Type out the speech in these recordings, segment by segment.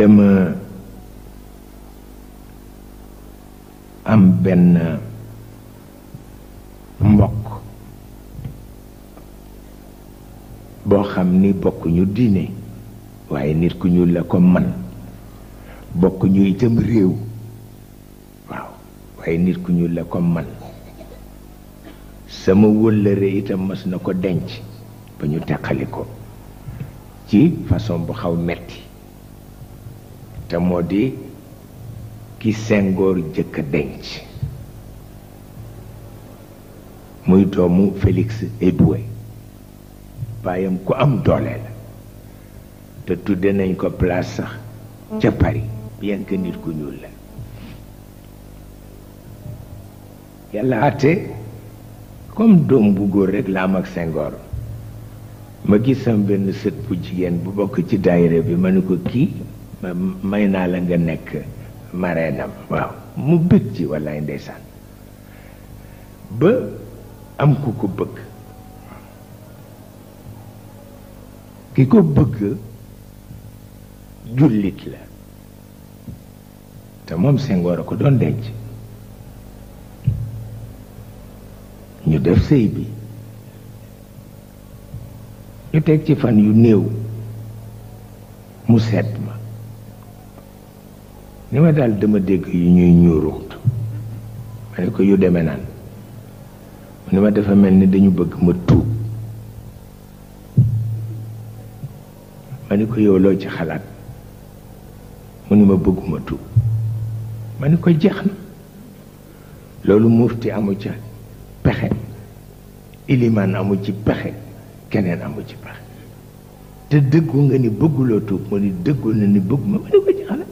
dama am benn mbokk boo xam ni bokkuñu diine waaye nit ku ñuul la ko man bokk itam réew waaw waaye nit ku ñuul la ko man sama wëllëre itam mas na ko denc ba ñu teqali ko ci façon bu xaw metti te moo di ki sengoor jëkk a denc muy doomu Félix Éboué baayam ku am doole te tudde nañ ko plaas sax ca Paris bien que nit ku ñuul la yàlla àtte comme doom bu góor rekk la am ak Senghor ma gisam benn sët bu jigéen bu bokk ci daayira bi ma ne ko kii may naa la nga nekk mareenam waaw mu bëgg ci wallaay ndeysaan ba am ku ko bëgg ki ko bëgg jullit la te moom Senghor a ko doon denc ñu def sëy bi ñu teg ci fan yu néew mu seet ma ni ma daal dama dégg yu ñuy ñuuruxtu ma ne ko yu deme naan mu ni ma dafa mel ni dañu bëgg ma tuub ma ni ko yow ci xalaat mu ni ma bëgguma tuub ma ni ko jeex na loolu mufti amu ca pexe ilimaan amu ci pexe keneen amu ci pexe te dëggu nga ni bëgguloo tuub mu ni dëggu na ni bëgguma ma ni ko jeex na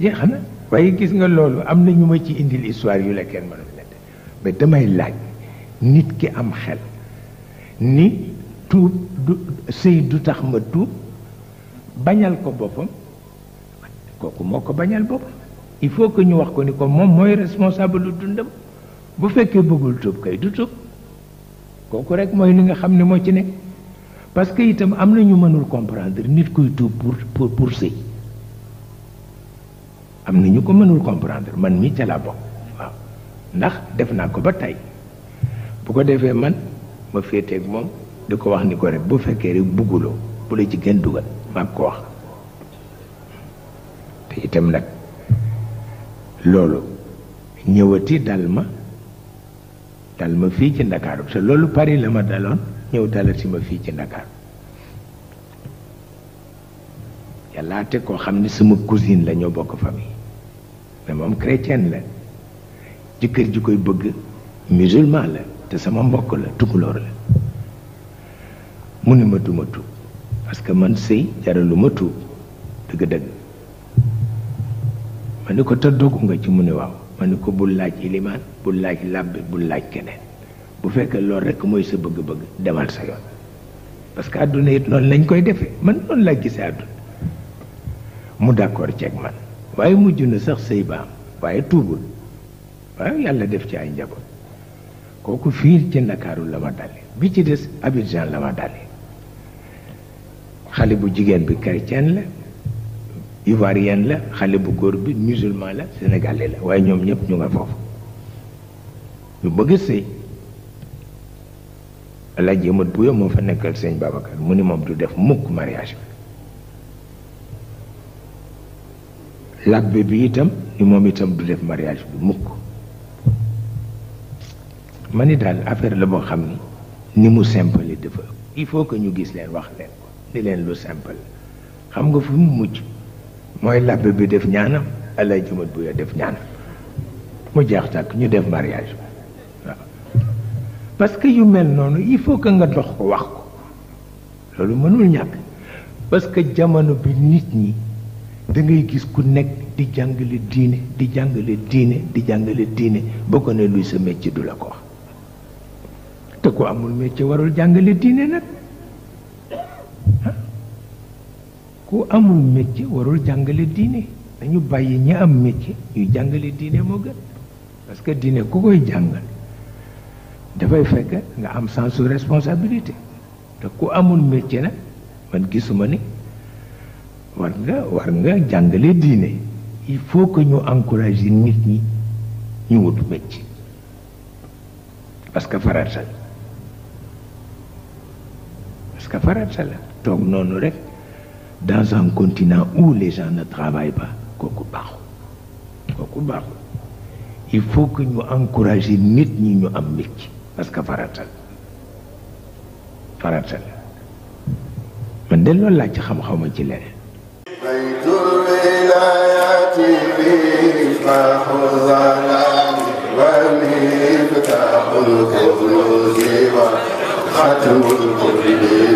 jeex na waaye gis nga loolu am na ñu ma ci indil histoire yu la kenn mënul nett mais damay laaj nit ki am xel ni tuub du sëy du tax ma tuub bañal ko boppam kooku moo ko bañal boppam il faut que ñu wax ko ni ko moom mooy responsable lu dundam bu fekkee bëggul tuub kay du tuub kooku rek mooy ni nga xam ne moo ci nekk parce que itam am na ñu mënul comprendre nit kuy tuub pour pour pour sëy am na ñu ko mënul comprendre man mii ca waaw ndax def naa ko ba tey bu ko defee man ma féeteek moom di ko wax ni ko rek bu fekkee rek bugguloo bu la ci kenn dugal maa ko wax te itam nag loolu ñëwati dal ma dal ma fii ci ndakaaru te loolu Paris la ma daloon ñëw dalati ma fii ci ndakaaru yàllaate koo xam ne sama cousine la ñoo bokk famille mais moom chrétienne la jëkkër ji koy bëgg musulman la te sama mbokk la tukulóor la mu ne ma duma parce que man sëy jaraluma tuub dëgg-dëgg ma ni ko tëddoog nga ci mu ne waaw ma ko bul laaj ilimaan bul laaj làbbi bul laaj keneen bu fekkee loolu rekk mooy sa bëgg-bëgg demal sa yoon parce que àdduna it noonu lañ koy defee man noonu laa gisee àdduna mu d'accord ceeg man waaye mujj na sax sëy baam waaye tuubul waaye yàlla def ci ay njaboot kooku fii ci Ndakaaru la ma dale bi ci des Abidjan la ma dale xale bu jigéen bi chrétienne la ivoirienne la xale bu góor bi musulman la sénégalais la waaye ñoom ñëpp ñu nga foofu ñu bëgg sëy Alaaji moo fa nekkal sëñ Babacar mu ni du def mukk mariage bi bi itam ni moom itam du def mariage bi mukk ma ni daal affaire la boo xam ni ni mu simple dafa il faut que ñu gis leen wax leen ni leen lu simple xam nga fu mu mujj mooy labbe bi def ñaanam alay jumat bu ya def ñaanam mu jeex tàkk ñu def mariage waaw parce que yu mel noonu il faut que nga dox ko wax ko loolu mënul ñàkk parce que jamono bi nit ñi da ngay gis ku nekk di jàngale diine di jàngale diine di jàngale diine boo ko ne luy sa métier du la ko wax te ku amul métier warul jàngale diine nag ku amul métier warul jangale diine dañu bayyi ñi am métier yu jangale diine mo gën parce que diine ku koy e, da fay fekk nga am sens su responsabilité te ku amul métier na, man gisuma ni war nga war nga jangale diine il faut que ñu encourager nit ñi ñu wut métier parce que sa parce que farata la tok nonu rek dans un continent où les gens ne travaillent pas il faut que nous encourager nit ñi ñu am métier parce que faratal faratal Mais dès loolu laa ci xam-xawma ci leneen ومفتاح الكنوز